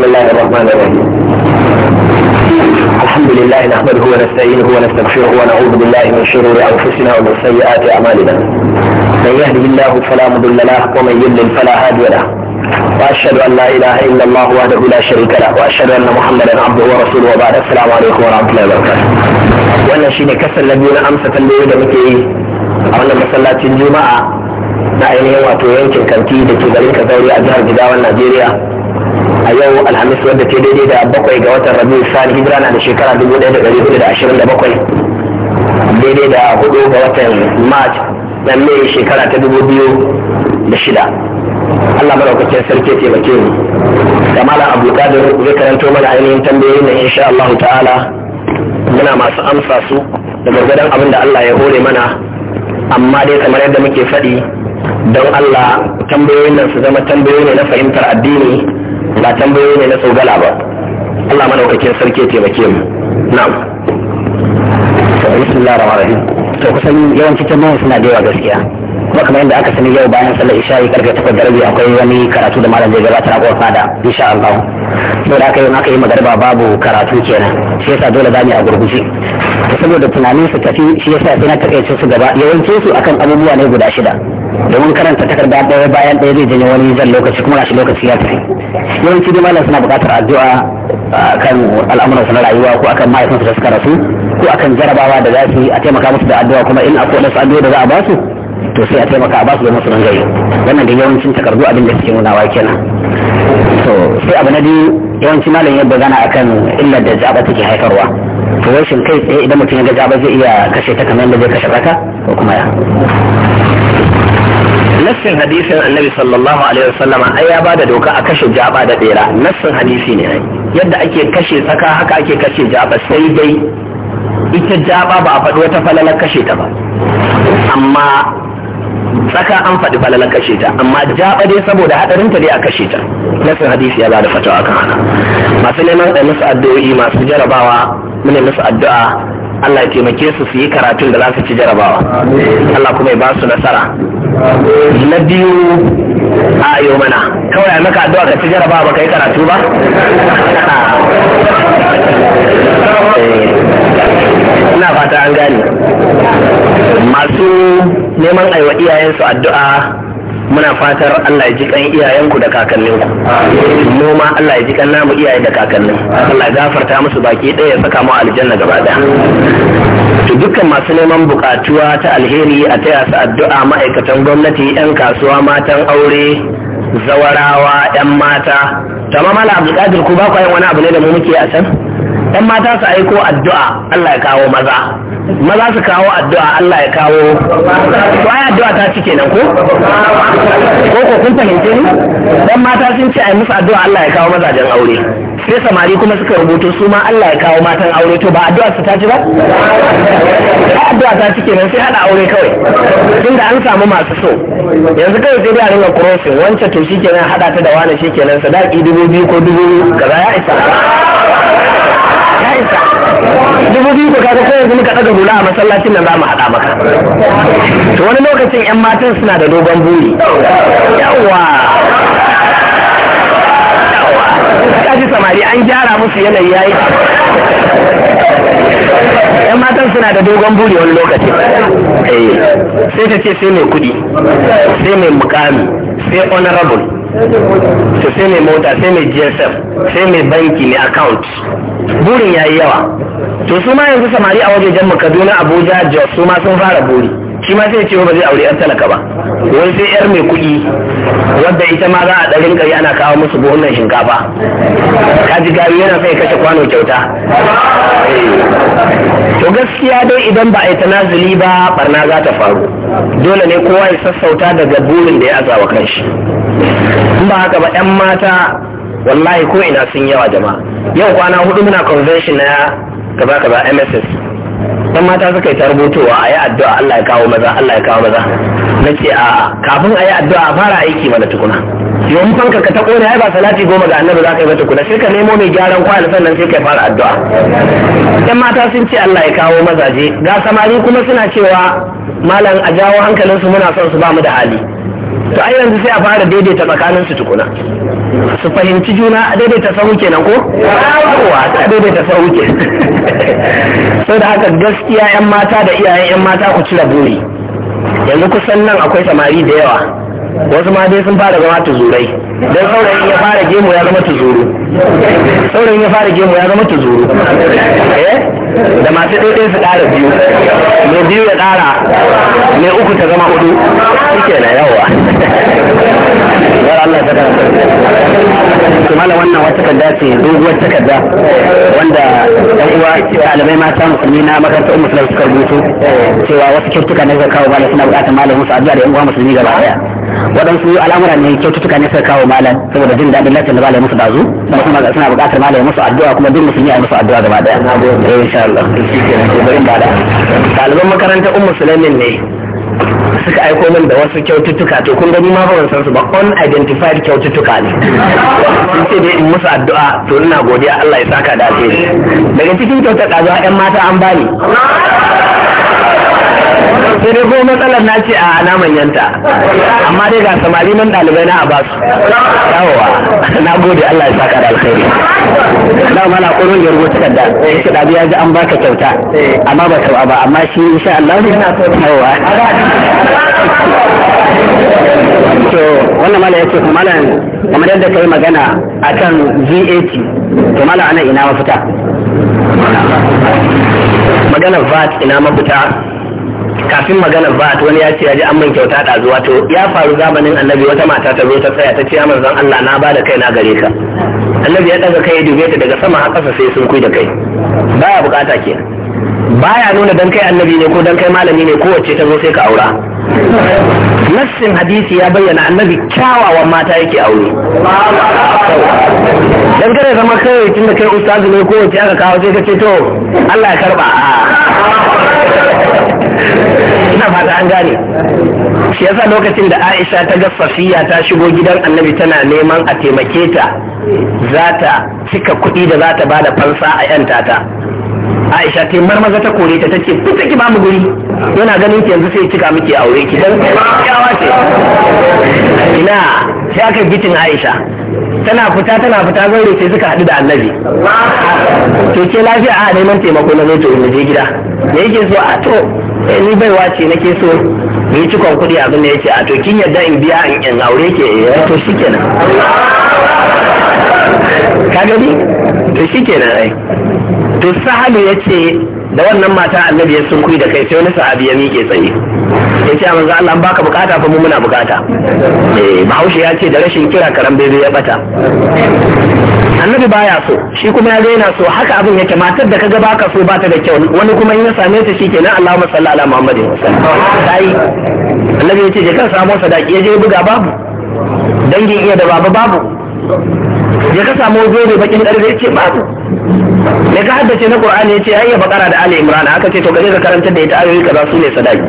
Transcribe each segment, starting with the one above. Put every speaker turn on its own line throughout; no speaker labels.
بسم الله الرحمن الرحيم الحمد لله نحمده ونستعينه ونستغفره ونعوذ بالله من شرور انفسنا ومن سيئات اعمالنا من يهده الله فلا مضل له ومن يضلل فلا هادي له واشهد ان لا اله الا الله وحده لا شريك له واشهد ان محمدا عبده ورسوله وبعد السلام عليكم ورحمه الله وبركاته وانا شيني كسر لدينا امسة na amsa tambayoyi da muke yi a wannan masallacin juma'a na ainihin wato yankin kanti a yau alhamis wadda ce daidai da bakwai ga watan rabi sani hijira na da shekara dubu daya da dari hudu da ashirin da bakwai daidai da hudu ga watan march na mai shekara ta dubu biyu da shida allah maraukacin sarki taimake ni da malam abdulkadir zai karanto mana ainihin tambayoyin nan insha allahu ta'ala muna masu amsa su da gargadan abin da allah ya hore mana amma dai kamar yadda muke faɗi don allah tambayoyin nan su zama tambayoyi ne na fahimtar addini ba tambayoyi ne na tsogala ba Allah madaukakin sarki taimake mu na'am bismillahir rahmanir rahim to kusan yawan cikin mawa suna da yawa gaskiya kuma kamar yadda aka sani yau bayan sallar yi karfe takwas da rabi akwai wani karatu da malam zai gabatar a kofar fada insha Allah to da aka yi maka yi magarba babu karatu kenan shi yasa dole zamu a gurguje to saboda tunanin su tafi shi yasa sai na takaice su gaba yawancin su akan abubuwa ne guda shida domin karanta takarda ɗaya bayan ɗaya zai janyo wani zan lokaci kuma shi lokaci ya tafi yawanci dai malam suna buƙatar addu'a akan al'amuran su na rayuwa ko akan mahaifinsu da suka rasu ko akan jarabawa da za su yi a taimaka musu da addu'a kuma in akwai wasu addu'a da za a ba su to sai a taimaka a ba su da musu nan gari wannan da yawancin takardu abin da suke nunawa kenan to sai abu na biyu yawanci malam yadda gana akan illar da jaba take haifarwa to shin kai tsaye idan mutum ya ga jaba zai iya kashe ta kamar yadda zai kashe raka ko kuma ya nassin hadisin annabi sallallahu alaihi wasallama ai ya bada doka a kashe jaba da bera nassin hadisi ne ai yadda ake kashe tsaka haka ake kashe jaba sai dai ita jaba ba a faɗi wata falalar kashe ta ba amma tsaka an faɗi falalar kashe ta amma jaba dai saboda hadarin ta dai a kashe ta nassin hadisi ya bada fatawa kan haka masu neman da musu addu'o'i masu jarabawa mune musu addu'a Allah ya taimake su su yi karatun da za su ci jarabawa Allah kuma ya ba su nasara na biyu a yau mana kawai a maka addu'a ka ci jarabawa ba ka yi karatu ba eh, ina fata an gani. masu neman aiwa iyayensu addu'a muna fatar Allah ya ji kan iyayenku da kakanninku noma Allah ya ji kan namu iyaye da kakannin Allah ya gafarta musu baki ɗaya ya saka mu aljanna gaba ɗaya to dukkan masu neman bukatuwa ta alheri a taya su addu'a ma'aikatan gwamnati 'yan kasuwa matan aure zawarawa 'yan mata tamam Allah Abdulkadir ku ba ku wani abu ne da mu muke a can yan mata su aiko addu'a Allah ya kawo maza maza su kawo addu'a Allah ya kawo to ai addu'a ta ci kenan ko ko ko kun fahimce ni Ɗan mata sun ce ai musu addu'a Allah ya kawo mazajen aure sai samari kuma suka rubuto su ma Allah ya kawo matan aure to ba addu'a su ta ci ba ai addu'a ta ci kenan sai hada aure kawai tunda an samu masu so yanzu kai sai dai a ringa crossing wancan to shikenan hada ta da wani shikenan sadaki dubu biyu ko dubu kaza ya isa kanka dubu biyu ka ga yanzu muka daga hula a masallacin nan za mu haɗa maka to wani lokacin yan matan suna da dogon buri yawa kaji samari an gyara musu yanayi yayi yan matan suna da dogon buri wani lokacin, eh, sai ta ce sai mai kudi sai mai mukami sai honorable sai mai mota sai mai gsm sai mai banki mai account burin ya yi yawa to su ma yanzu samari a wajejen mu kaduna abuja jos su ma sun fara buri shi ma sai ce ba zai aure yar talaka ba Wani sai yar mai kuɗi wadda ita ma za a ɗarin gari ana kawo musu buhunan shinkafa ka ji gari yana sai kashe kwano kyauta to gaskiya dai idan ba a yi tanazuli ba barna za ta faru dole ne kowa ya sassauta daga burin da ya azawa kanshi in ba haka ba 'yan mata wallahi ko ina sun yawa jama'a yau kwana hudu muna convention na kaza kaza mss dan mata suka yi ta rubutowa a yi addu'a Allah ya kawo maza Allah ya kawo maza na a kafin a yi addu'a a fara aiki mana tukuna Yau mun fanka ka ta kone ai ba salati goma ga annabi za ka yi ba tukuna sai ka nemo mai gyaran kwali sannan sai ka fara addu'a dan mata sun ce Allah ya kawo mazaje ga samari kuma suna cewa malam a jawo hankalinsu muna son su ba mu da hali to ai yanzu sai a fara daidaita tsakanin su tukuna su fahimci juna a daidaita sahu kenan ko yawa a daidaita sahu ke so da haka gaskiya yan mata da iyayen yan mata ku cire buri yanzu kusan nan akwai samari da yawa wasu ma dai sun fara zama tuzurai don saurayin ya fara gemu ya zama tuzuru saurayin ya fara gemu ya zama tuzuru eh? da masu ɗaiɗai su ƙara biyu mai biyu ya ƙara mai uku ta zama hudu shike na yawa yar Allah ta kara to mala wannan wata takarda ce doguwar takarda wanda ɗan uwa ɗalibai mata musulmi na makarantar ummu suka rubuto cewa wasu kyautuka na kawo mala suna bukatar malamin su addu'a da yan uwa musulmi gaba daya. waɗansu al'amura ne kyaututtuka ne suka kawo malam saboda jin daɗin lafiyar da malam musu dazu kuma kuma suna buƙatar malam musu addu'a kuma duk musulmi a musu addu'a gaba daya eh insha Allah ɗaliban makarantar ummu sulaimin ne suka aiko min da wasu kyaututtuka to kun gani ma ban san su ba unidentified kyaututtuka ne sun ce dai in musu addu'a to ina godiya Allah ya saka da alheri daga cikin kyautar ɗazuwa 'yan mata an bani sai dai kuma matsalar na ce a na manyanta amma dai ga samari nan ɗalibai na a ba su yawowa na gode Allah ya saka da alkhairi da mala kurun ya rubuta da shi da ya ji an baka kyauta amma ba ta ba amma shi insha Allah yana so yawowa to wannan mala yace kuma malam kamar yadda kai magana akan VAT to mala ana ina mafita magana VAT ina mafita kafin maganar ba wani ya ce ya ji an man kyauta da zuwa to ya faru zamanin annabi wata mata ta zo ta tsaya ta ce ya manzon Allah na bada kai na gare ka annabi ya daga kai ya dube ta daga sama har ƙasa sai sun kui da kai baya bukata ke baya nuna dan kai annabi ne ko dan kai malami ne kowace ta zo sai ka aura nassin hadisi ya bayyana annabi kyawawan mata yake aure dan kare zama kai tun da kai ustazu ne ko aka kawo sai ka ce to Allah ya karba ina fata an gane shi yasa lokacin da aisha ta ga safiya ta shigo gidan annabi tana neman a taimake ta za ta cika kuɗi da za ta bada fansa a 'yan tata aisha ta marmaza ta kore ta tace fita ki mu guri yana ganin ki yanzu sai cika miki aure ki dan kyawa ce ina sai aka bitin aisha tana fita tana fita gaure sai suka haɗu da annabi to ke lafiya a neman taimako na to in je gida me yake so a to eh, ni bai wace nake so ni cikon kuɗi abin da yake a to kin yadda in biya in aure ke eh, to shikenan ka gani to shikenan ai to sahalu ya ce da wannan mata annabi ya sun da kai sai wani sahabi ya miƙe tsaye ya ce manzo Allah an baka bukata fa mu muna bukata eh bahaushe ya ce da rashin kira karam bai ya bata annabi baya so shi kuma ya ga yana so haka abin yake matar da kaga baka so bata da kyau wani kuma in ya same ta shikenan Allahumma salli ala Muhammadin sai annabi ya ce je kan samu sadaki ya je buga babu dangin iya da baba babu je ka samu zobe bakin karfe ce babu da ka haddace na ya ce ayya bakara da ali imran haka ce to kaje ka karanta da ita ayoyi kaza su ne sadaki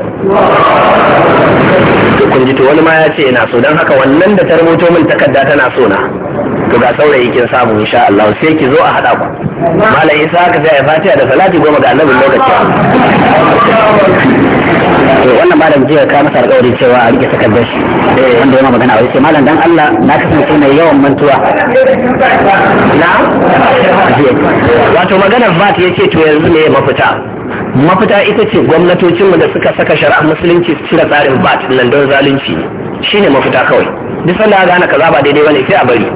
to kun ji to wani ma ya ce ina so don haka wannan da ta rubuto min takarda tana so na to ga saurayi kin samu insha Allah sai ki zo a hada ku malam isa ka ga ya fatiha da salati goma ga annabin lokacin to wannan malam jiya ka masa alƙawari cewa a rike takardar shi eh, wanda yana magana a wuce malam dan Allah na kasance mai yawan mantuwa
na wato magana VAT yake to yanzu ne mafita
mafita ita ce gwamnatocinmu da suka saka shari'ar musulunci su cire tsarin VAT nan don zalunci shine mafita kawai duk sanda gane kaza ba daidai bane sai a bari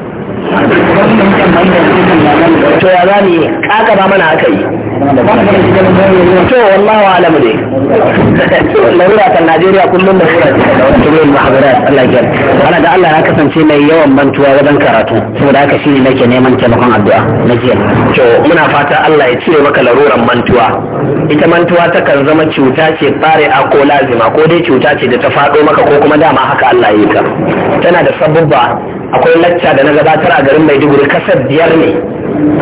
to ya za ni kaka ba mana aka yi to wallahu alamu ne larura ta najeriya kullum da sura ta yin mahabara a ya ana da allah ya kasance mai yawan mantuwa wajen karatu saboda haka shi ne nake neman taimakon addu'a na jiya to muna fata allah ya cire maka laruran mantuwa ita mantuwa ta kan zama cuta ce bare a ko lazima ko dai cuta ce da ta faɗo maka ko kuma dama haka allah ya yi ka tana da sabubba akwai lacca da na gabatar a garin maiduguri kasar biyar ne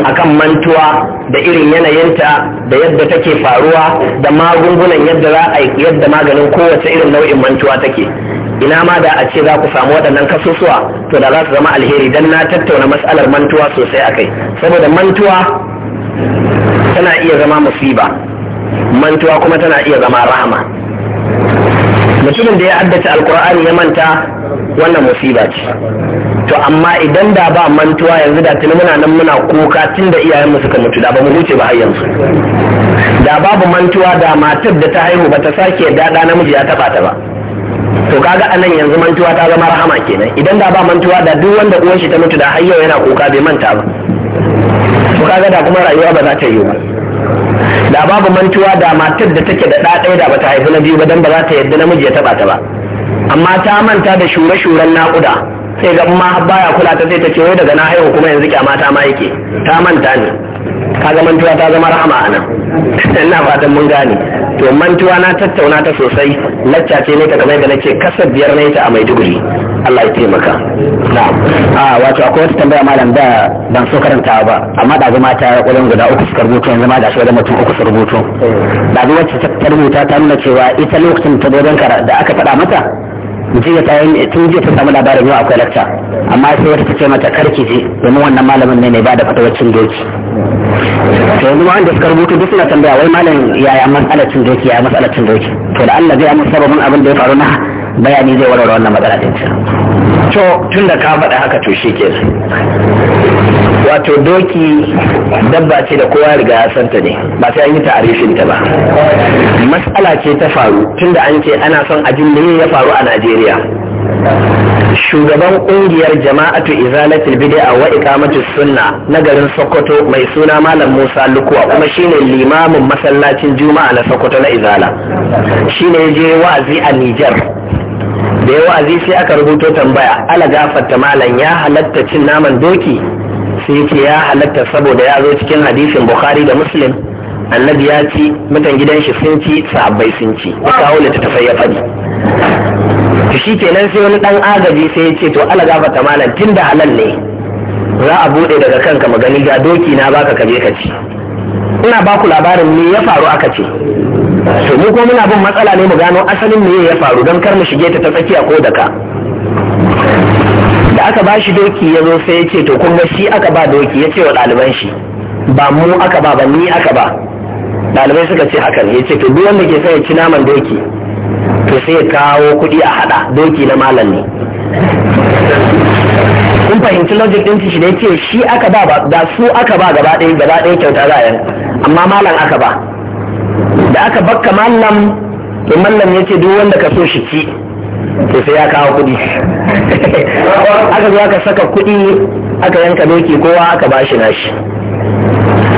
akan mantuwa da irin yanayinta da yadda take faruwa da magungunan yadda za a yadda maganin kowace irin nau'in mantuwa take ina ma da a ce za ku samu waɗannan kasusuwa to da za su zama alheri don na tattauna matsalar mantuwa sosai a kai saboda mantuwa tana iya zama musiba mantuwa kuma tana iya zama rahama mutumin da ya addace alkur'ani ya manta wannan musiba ce to amma idan da ba mantuwa yanzu da tuni muna nan muna kuka tun da iyayenmu suka mutu da ba mu huce ba har yanzu da babu mantuwa da matar da ta haihu ba ta sake dada namiji ya taba ta ba to kaga anan yanzu mantuwa ta zama rahama kenan idan da ba mantuwa da duk wanda uwan shi ta mutu da har yau yana kuka bai manta ba to kaga da kuma rayuwa ba za ta yi ba da babu mantuwa da matar da take da ɗaya da bata haifi na biyu ba dan ba za ta yadda namiji ya taba ta ba amma ta manta da shure-shuren naƙuda sai ga ma baya kula ta sai ta ce wai daga na haihu kuma yanzu kyamata ma yake ta manta ne ga mantuwa ta zama rahama a nan ina fatan mun gane to mantuwa na tattauna ta sosai lacca ce ne ta kamar da nake kasar biyar ne ta a Maiduguri Allah ya taimaka na'am a ah, wato akwai wata tambaya malam da ban so karanta ba amma da zama ta wajen guda uku suka rubuto yanzu ma da shi wajen mutum uku su rubuto da hmm. wacce ta rubuta ta nuna cewa ita lokacin ta wajen da aka faɗa mata jiya ta yi tun jiya ta samu labarin yau akwai lakta amma sai wata ta ce mata karki je domin wannan malamin ne mai ba da fatawacin doki to yanzu wanda suka rubuta duk suna tambaya wai malam yaya matsalar cin doki yaya matsalar cin doki to da Allah zai amma sababin abin da ya faru na bayani zai warware wannan matsala din to tun da ka faɗa haka to shi ke wato doki dabba ce da kowa riga ya santa ne ba sai an yi ta'arifin ta ba matsala ce ta faru tun da an ce ana son ajin da ya faru a najeriya shugaban kungiyar jama'atu izalatul bid'a wa iqamatu sunna na garin Sokoto mai suna Malam Musa Lukuwa kuma shine limamin masallacin Juma'a na Sokoto na Izala shine je wa'azi a Niger da yawa wa'azi sai aka rubuto tambaya ala gafarta malam ya halatta cin naman doki sai ce ya halatta saboda ya zo cikin hadisin bukhari da muslim annabi ya ci mutan gidan shi sun ci sahabbai sun ci kawo littattafai ya faɗi to shi kenan sai wani dan agaji sai ya ce to ala gafarta malam tun da halal ne za a bude daga kanka magani ga doki na baka kaje ka ci ina ba ku labarin me ya faru aka ce to mu ko muna bin matsala ne mu gano asalin me ya faru don kar mu shige ta ta tsakiya ko daka da aka ba shi doki ya zo sai ya ce to kun ga shi aka ba doki ya ce wa ɗaliban shi ba mu aka ba ba ni aka ba ɗalibai suka ce hakan ya ce to duk wanda ke sai ya ci naman doki to sai ya kawo kuɗi a haɗa doki na malam ne kun fahimci logic ɗin shi da ya ce shi aka ba ba su aka ba gaba ɗaya gaba ɗaya kyauta za a yanka amma malam aka ba da aka bakka malam to mallam ya ce duk wanda ka so shi ci to sai ya kawo kuɗi aka zo aka saka kuɗi aka yanka doki kowa aka ba shi nashi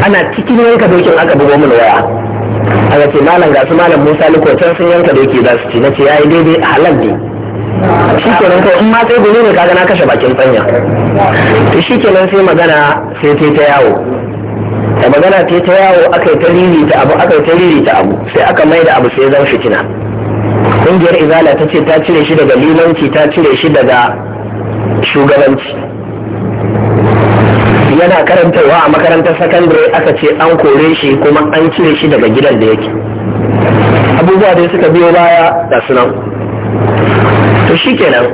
ana cikin yanka dokin aka bugo mun waya aka ce malam ga su malam musa can sun yanka doki za su ci na ce ya yi daidai halal ne shi kenan kawai in ma sai gobe ne kaga na kashe bakin tsanya to shi kenan sai magana sai ta yawo da magana ta ta yawo aka yi ta ta abu aka yi ta ta abu sai aka mai da abu sai zan fitina ƙungiyar izala ta ce ta cire shi daga limanci ta cire shi daga shugabanci yana karantarwa a makarantar sakandare aka ce an kore shi kuma an cire shi daga gidan da yake abubuwa dai suka biyo baya da sunan to shikenan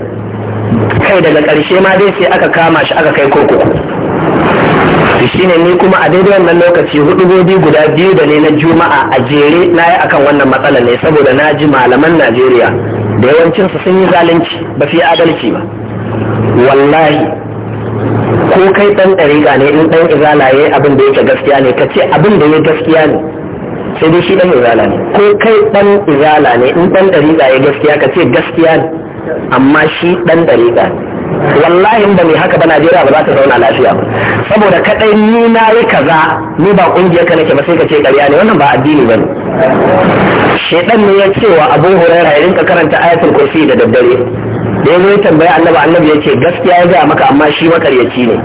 kai daga ƙarshe ma dai sai aka kama shi aka kai kurkuku to shine ni kuma a daidai wannan lokaci huɗu-gobi guda biyu da ne na juma'a a jere na yi akan wannan matsala ne saboda na ji malaman najeriya da su sun yi zalunci ba su yi adalci ba wallahi ko kai ɗan ɗariƙa ne in ɗan izala ya yi abin da yake gaskiya ne ka ce abin da ya gaskiya ne sai dai shi ɗan izala ne ko kai ɗan izala ne in ɗan ɗariƙa ya gaskiya ka ce gaskiya ne amma shi ɗan ɗariƙa ne wallahi ba mai haka ba najeriya ba za ta zauna lafiya saboda kadai ni na yi kaza ni ba kungiyar ka nake ba sai ka ce ƙarya ne wannan ba addini ba ne shedan ne ya ce wa abu huraira ya rinka karanta ayatul kursi da daddare da ya tambaya annabi annabi ya ce gaskiya ya gaya maka amma shi makaryaci ne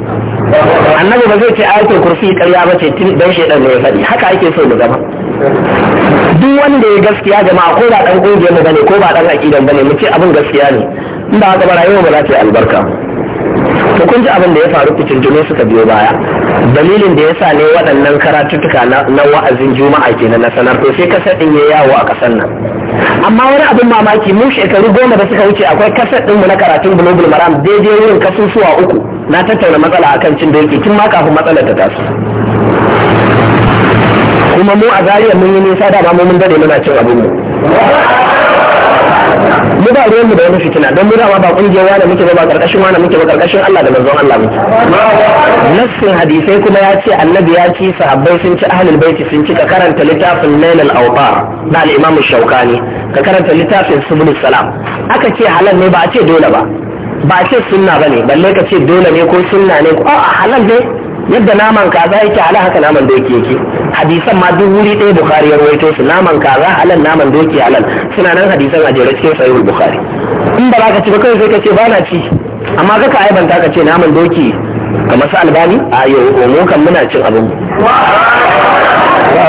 annabi ba zai ce ayatul kursi ƙarya ba ce dan shedan ne ya faɗi haka ake so mu zama duk wanda ya gaskiya jama'a ko ba dan kungiyar mu bane ko ba dan aqidan bane mu ce abun gaskiya ne in ba haka ba rayuwa ba za ta yi albarka to abin da ya faru jini suka biyo baya dalilin da ya sa ne waɗannan karatuttuka na wa'azin juma'a ke na sanar to sai kasar ɗin ya yawo a ƙasar nan amma wani abin mamaki mu shekaru goma da suka wuce akwai kasar ɗinmu na karatun Global maram daidai wurin kasusuwa uku na tattauna matsala akan cin doki tun ma kafin matsalar ta taso kuma mu a zariya mun yi nisa da ma mun dade muna cin abin mu mu ba ruwan mu da wani fitina don mu ba kungiyar wani muke ba karkashin wani muke ba karkashin Allah da manzon Allah muke nassin hadisai kuma ya ce annabi ya ci sahabbai sun ci ahlul baiti sun ci ka karanta littafin lailal awtar da al-imam shaukani ka karanta littafin subul salam aka ce halal ne ba a ce dole ba ba a ce sunna bane balle ka ce dole ne ko sunna ne ko a halal ne yadda naman kaza yake ala haka naman doki yake hadisan ma duk wuri ɗaya bukhari ya rawaito su naman kaza halal naman doki halal suna nan hadisan a jere cikin sahihul bukhari in ba za ka ci ba kai sai ka ce ba na ci amma ka aibanta ka ce naman doki kamar su albani a yau mu kan muna cin abin ba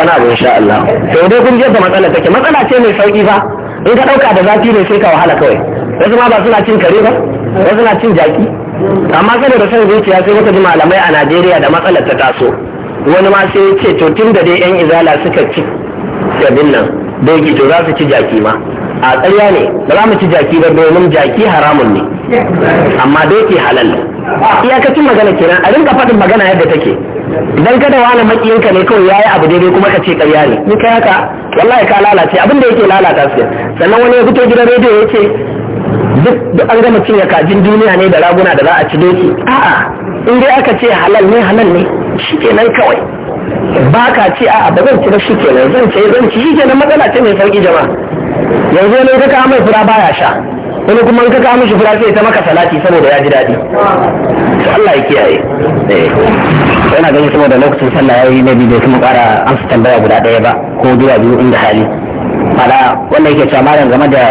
wani abu insha Allah to dai kun yadda matsalar take matsala ce mai sauki fa in ka dauka da zafi ne sai ka wahala kawai wasu ma ba suna cin kare ba wasu na cin jaki amma kada da son zuciya sai muka ji malamai a najeriya da matsalar ta taso wani ma sai ce to tun da dai yan izala suka ci gabin nan doki to za su ci jaki ma a tsarya ne ba za mu ci jaki ba domin jaki haramun ne amma doki halal iyakacin magana kenan a rinka faɗin magana yadda take idan kada wani makiyinka ne kawai yayi abu daidai kuma ka ce ƙarya ne ni kai haka wallahi ka lalace abin da yake lalata su sannan wani ya fito gidan rediyo ya ce duk an gama cinye kajin duniya ne da raguna da za a ci doki a'a in dai aka ce halal ne halal ne shi nan kawai ba ka ce a'a ba zan ci ba shi ke zan ce zan ci shi nan matsala ce mai sauki jama'a yanzu ne ka kawo mai fura baya sha wani kuma in ka kawo mishi fura sai ta maka salati saboda ya ji daɗi to Allah ya kiyaye yana eh, ganin saboda lokacin sallah yayi na biyu kuma ƙara amsa tambaya guda ɗaya ba ko zuwa biyu inda hali fara wanda yake cewa malam game da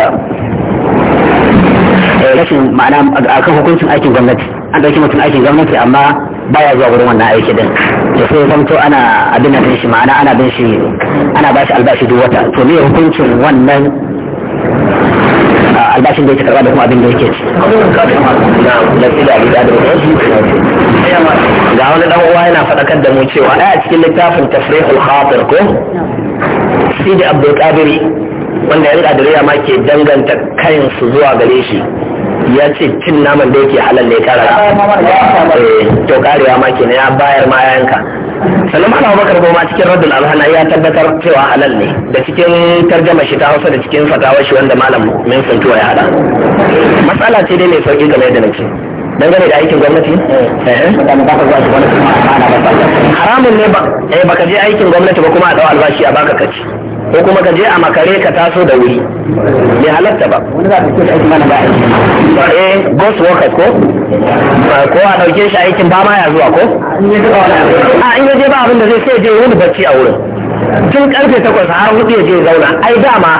rashin ma'ana a kan hukuncin aikin gwamnati an ɗauki mutum aikin gwamnati amma baya zuwa wurin wannan aiki din da sai ya zamto ana abin da shi ma'ana ana bin shi ana bashi albashi duk wata to me hukuncin wannan ah, albashin da yake karba da kuma abin da yake ci ga wani dan uwa yana faɗakar da mu cewa a cikin littafin tafrihul khatir ko sidi abdul wanda yan kadiriyya ma ke danganta kayansu zuwa gare shi ya ce cin naman da yake halal ne kara eh, to karewa ma kenan ya bayar ma yanka
sannan ana bakar ma cikin radul
alhana ya tabbatar cewa halal ne da cikin tarjama shi ta hausa da cikin fatawa shi wanda malam min tuwa ya hada matsala ce dai mai sauki game da nake dangane da aikin gwamnati eh. haramun ne ba eh, ka je aikin gwamnati ba kuma a dawa albashi a baka kaci ko kuma ka je a makare ka taso da wuri bai halatta ba eh ghost workers ko ko a dauke shi aikin ba ma ya zuwa ko a in je ba abin da zai sai je wani bacci a wurin tun karfe takwas har hudu ya je zauna ai dama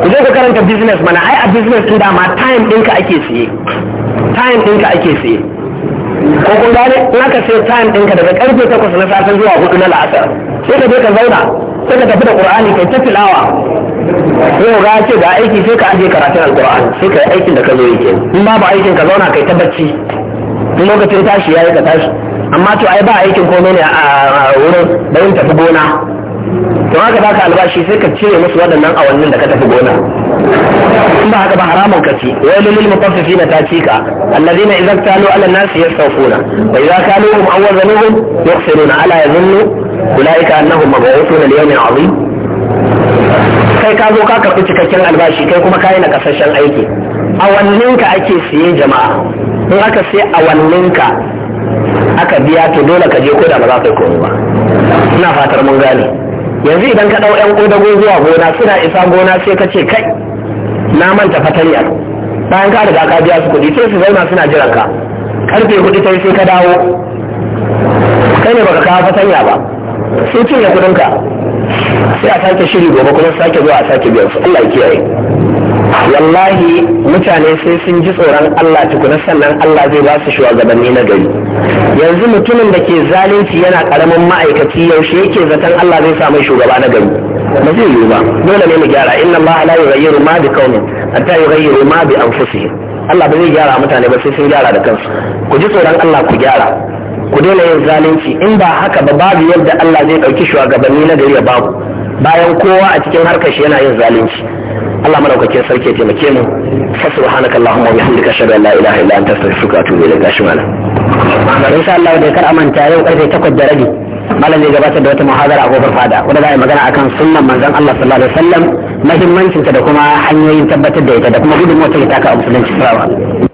ku je ka karanta business mana ai a business tun dama time ɗinka ake siye time ɗinka ake siye ko kun gane in aka sai time ɗinka daga karfe takwas na safe zuwa hudu na la'asar sai ka je ka zauna sai ka tafi da qur'ani kai ta tilawa yau ga ce ga aiki sai ka aje karatun alqur'ani sai ka aikin da ka zo yake in ba ba aikin ka zauna kai ta bacci in lokacin tashi yayi ka tashi amma to ai ba aikin komai ne a wurin bayin tafi gona to haka baka albashi sai ka cire musu waɗannan awannin da ka tafi gona in ba haka ba haramun ka ci wai lil mutaffifin ta ci ka allazina idza talu ala an-nas yastawfuna wa idza kaluhum aw wazanuhum yukhsiruna ala yazunnu ulaika annahum mab'uthun li yawmin 'azim kai ka zo ka karɓi cikakken albashi kai kuma kai na kasashen aiki awanninka ake siye jama'a in aka sai awanninka aka biya to dole ka je ko da ba za ka yi komai ba ina fatar mun gane yanzu idan ka ɗau 'yan ƙodago zuwa gona suna isa gona sai ka ce kai na manta fatanya bayan ka riga ka biya su kuɗi sai su zauna suna jiran ka karfe hudu sai ka dawo kai ne baka kawo fatanya ba sai cinye kudin ka sai a sake shiri gobe kuma sake zuwa a sake biyan su Allah ya kiyaye wallahi mutane sai sun ji tsoron Allah tukuna sannan Allah zai ba su shugabanni na gari yanzu mutumin da ke zalunci yana karamin ma'aikaci yaushe yake zaton Allah zai samu shugaba na gari ba zai yiwu ba dole ne mu gyara inna Allah la yughayyiru ma bi qaumin hatta yughayyiru ma bi anfusihim Allah ba zai gyara mutane ba sai sun gyara da kansu ku ji tsoron Allah ku gyara ku daina yin zalunci in ba haka ba babu yadda Allah zai ɗauki shugabanni na gari ya babu bayan kowa a cikin harkar shi yana yin zalunci Allah madaukakin sarki ya taimake mu fa subhanaka allahumma wa bihamdika ashhadu an la ilaha illa anta astaghfiruka wa atubu ilayk gashi malam insha Allah da kar amanta yau karfe 8 da rabi malam zai gabatar da wata muhadara a gobar fada wanda za a yi magana akan sunnan manzon Allah sallallahu alaihi wasallam muhimmancinta da kuma hanyoyin tabbatar da ita da kuma gudunmuwar ta taka a musulunci
sallallahu